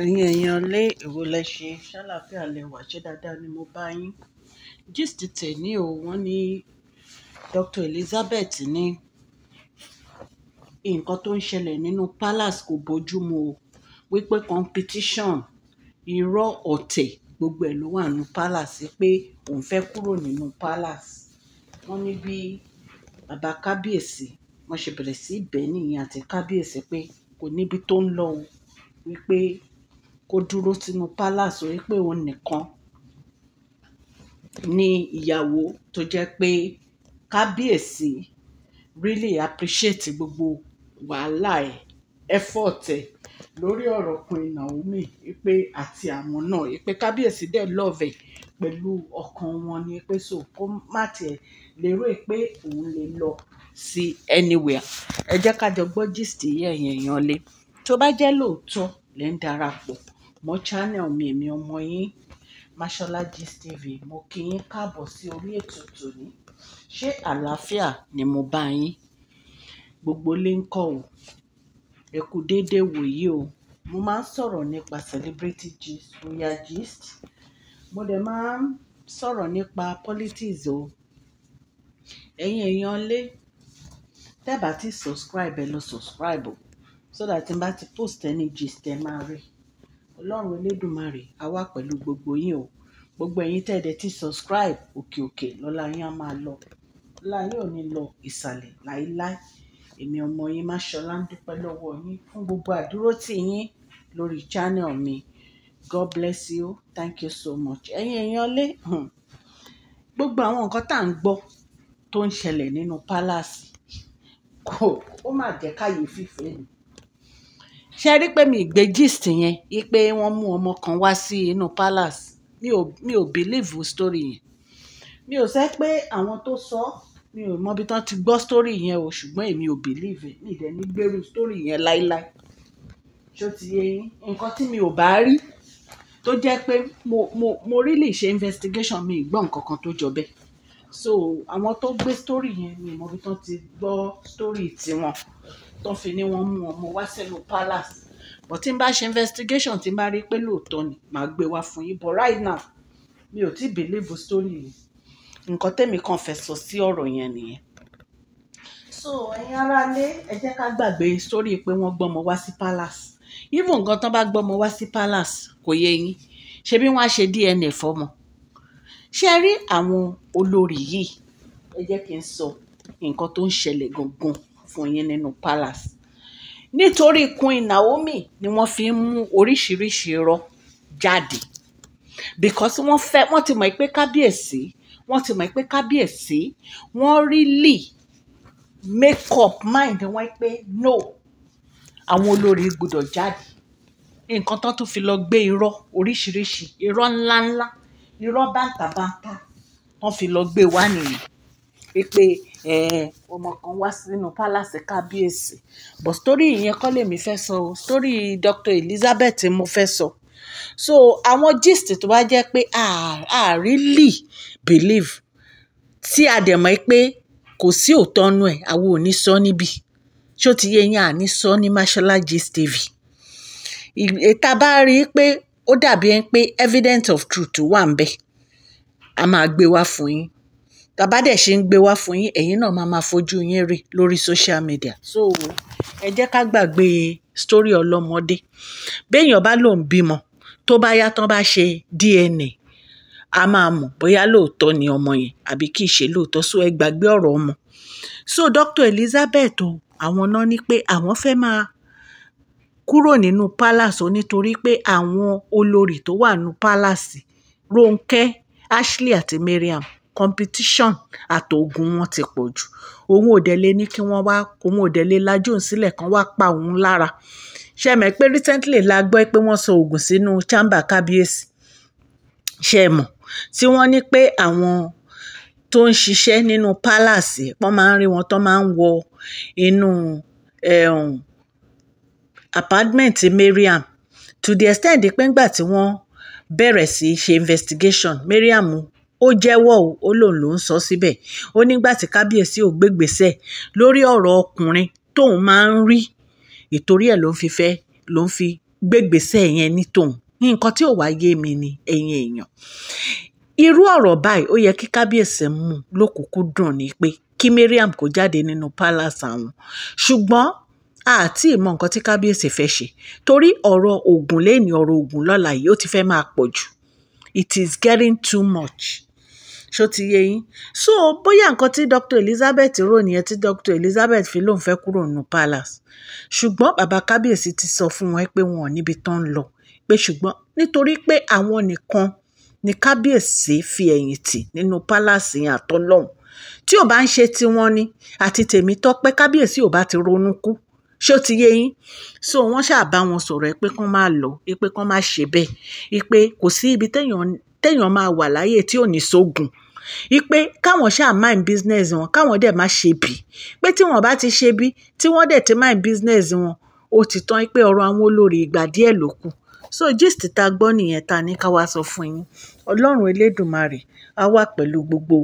Ẹ̀yin èèyàn lé èwo lẹ ṣe, ṣáláfíà lẹ wà, ṣé dáadáa ni mo bá yín. Gist tèní o, wọ́n ní Dr. Elizabeth ní nǹkan tó ń ṣẹlẹ̀ nínú palace kò bójú mu o. Wípé competition, irọ́ ọ̀tẹ̀ gbogbo ẹ̀ ló wà nínú palace pé òun fẹ́ kúrò nínú palace. Wọ́n ní bí bàbá kábíyèsí, wọ́n ṣe bẹ̀rẹ̀ sí í bẹ̀ níyẹn àti kábíyèsí pé kò níbi tó ń lọ o. Wípé kó dúró sínú palace orí pé òun nìkan ní ìyàwó tó jẹ́ pé kábíyèsí really appreciate gbogbo wàhálà ẹ̀ effort ẹ̀ lórí ọ̀rọ̀ Queen Naomi pé àti àwọn náà pé kábíyèsí dẹ̀ love ẹ̀ pẹ̀lú ọkàn wọn ni pé so kó má tiẹ̀ lérò pé òun lè lọ sí anywhere ẹ jẹ́ ká jọ gbọ́ gist yẹ̀yẹ̀ yan lé tó bá jẹ́ lóòótọ́ lè ń darapọ̀ mọ́ channel mi èmi ọmọ yín Mashola Gist TV mo kí yín káàbọ̀ sí orí ètò tòní ṣé àlàáfíà ni mo bá yín gbogbo lè ń kọ́ o ẹ kú déédé wòyí o mo máa ń sọ̀rọ̀ nípa celebrity gist royal gist mo dẹ̀ máa ń sọ̀rọ̀ nípa politics o ẹ̀yin èèyàn lé tẹ́bà tí subscribe ẹ lọ subscribe o so that n bá ti post any gist ẹ máa rí i ọlọ́run elédùnmarè á wà pẹ̀lú gbogbo yín o gbogbo ẹ̀yin tẹ̀dẹ̀ tí subscribe òkè òkè lọ́la yín á máa lọ lọ́la yín ò ní lọ ìsàlẹ̀ láéláé èmi ọmọ yín máṣọlá ń dúpẹ́ lọ́wọ́ yín fún gbogbo àdúrótì yín lórí channel mi god bless you thank you so much ẹ̀yin èèyàn lé gbogbo àwọn nǹkan tá à ń gbọ́ tó ń ṣẹlẹ̀ nínú pálásì kò ó mà jẹ́ káyé fífẹ́ ni ṣe rí pé mi ìgbé gist yẹn ipe wọ́n mú ọmọ kan wá sí inú palace mi ò mi ò believe story yẹn mi ò sẹ́ pé àwọn tó sọ mi ò mọbi tán ti gbọ́ story yẹn o ṣùgbọ́n èmi ò believe mi ìdẹ̀ ní gbèrú story yẹn láíláí ṣó ti yé yín nǹkan tí mi ò bá rí tó jẹ́ pé mo mo mo really ṣe investigation mi ìgbọ́ nǹkan kan tó jọ bẹ́ẹ̀ so àwọn tó gbé story yẹn ni ìmọ̀ bí tán ti gbọ́ story tiwọn tán fi ní wọ́n mú ọmọ wá sẹ́nu palace but tí n bá ṣe investigation tí n bá rí pé lóòótọ́ ni màá gbé wá fún yín but right now mi ò tí believe story yìí nǹkan tẹ́mi kan fẹ́ sọ sí ọ̀rọ̀ yẹn nìyẹn. so ẹ̀yin aráalé ẹ jẹ́ ká gbàgbé story pé wọ́n gbọ́mọ wá sí palace even nǹkan tán bá gbọ́mọ wá sí palace kò yé yín ṣebí wọ́n á ṣe DNA fọ́mọ ṣe rí àwọn olórí yìí ẹ jẹ́ kí n sọ nǹkan tó ń ṣẹlẹ̀ gangan fún yín nínú palace nítorí Queen Naomi ni wọ́n fi ń mú oríṣiríṣi irọ́ jáde because wọ́n fẹ́ wọ́n ti mọ̀ pé kábíyèsí wọ́n ti mọ̀ pé kábíyèsí wọ́n really make up mind wọn pé no àwọn olórí gbọ́dọ̀ jáde nǹkan tán tún fi lọ gbé irọ́ oríṣiríṣi irọ́ ńláńlá irọ́ bàǹtàbàǹtà wọ́n fi lọ gbé wá nìyẹn pé ọmọ kan wá sínú pálásì kábíyèsí but story ìyẹn kọ́ lèmi fẹ́ sọ o story Dr. Elizabeth mo fẹ́ sọ so àwọn gist tó bá jẹ́ pé a really believe tí a dẹ̀ mọ̀ pé kò sí òótọ́ nú ẹ̀ àwọn ò ní sọ níbí ṣó ti yẹ yín à ní sọ ní Mashola Gist TV ìta bá rí i pé ó dàbí ẹni pé evidence of truth wà ń bẹ̀ a máa gbé wá fún yín tàbá dẹ̀ ṣe ń gbé wá fún yín ẹ̀yin náà máa máa fojú yín rí lórí social media so ẹ jẹ́ ká gbàgbé story ọlọ́mọdé béèyàn bá lòun bímọ tó bá yá tán bá ṣe DNA a máa mọ̀ bóyá lóòótọ́ ni ọmọ yẹn àbí kì í ṣe lóòótọ́ so ẹ gbàgbé ọ̀rọ̀ ọmọ so Dr. Elizabeth o àwọn náà ní pé àwọn fẹ́ máa kúrò nínú palace o nítorí pé àwọn olórí tó wà nínú palace Ronke Ashley àti Miriam competition àtògùn wọn ti pọ̀ jù òun ò dẹ̀ lé ní kí wọ́n wá òun ò dẹ̀ lé lajú sílẹ̀ kan wá pa òun lára ṣe pé recently la gbọ́ pé wọ́n sọ oògùn sínú chamber kábíyèsí ṣe mọ̀ tí wọ́n ní pé àwọn tó ń ṣiṣẹ́ nínú palace wọ́n máa ń rí wọn tó máa ń wọ inú apartment Mariam to the extent pé ńgbà tí wọ́n bẹ̀rẹ̀ sí í ṣe investigation Mariam ó jẹ́wọ́ o ó lòun ló ń sọ síbẹ̀ ó nígbà tí kábíyèsí ò gbégbèsè lórí ọ̀rọ̀ ọkùnrin tóun máa ń rí ìtorí ẹ̀ ló ń fi fẹ́ ló ń fi gbégbèsè yẹn ní tòun nǹkan tí ò wá yé mi ni ẹ̀yin èèyàn irú ọ̀rọ̀ báyìí ó yẹ kí kábíyèsí mú lókùnkúndùn ni pé kí Mariam kó jáde nínú palace àwọn ṣùgbọ́n àti ìmọ̀ nǹkan tí kábíyèsí fẹ́ ṣe torí ọ̀rọ̀ ogun lẹ́ni ọ̀rọ̀ ogun lọ́la yìí ó ti fẹ́ máa pọ̀ jù it is getting too much ṣó ti yé yín so bóyá nǹkan tí Dr Elizabeth rò nìyẹn tí Dr Elizabeth fi lóun fẹ́ kúrò nù palace ṣùgbọ́n bàbá kábíyèsí ti sọ fún wọn pé wọn ò níbi tán ń lọ pé ṣùgbọ́n nítorí pé àwọn nìkan ni kábíyèsí fi ẹ̀yìn tì nínú palace yẹn àtọ́lọ́hún tí ò bá ń ṣe tiwọn ni àti tèmi tọ́ kábíyèsí ò bá ti ronú kú ṣó ti yé yín so wọ́n ṣáà bá wọn sọ̀rọ̀ ẹ pé kán máa lọ ẹ pé kán máa ṣe bẹ́ẹ̀ ẹ pé kò sí ibi téèyàn máa wà láyè tí ò ní sógun ẹ pé káwọn ṣáà mind business wọn káwọn dẹ̀ má ṣe bí pé tí wọ́n bá ti ṣe bí tí wọ́n dẹ̀ ti mind business wọn ó ti tán pé ọ̀rọ̀ àwọn olórí ìgbà díẹ̀ ló kù so gist ta gbọ́ nìyẹn ta ní ká wá sọ fún yín ọlọ́run elédùnmarè á wà pẹ̀lú gbogbo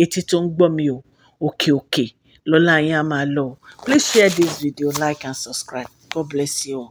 etí tó ń gbọ́ mi o òkè òkè lọ́lá yín á máa lọ please share this video like and subscribe god bless you all.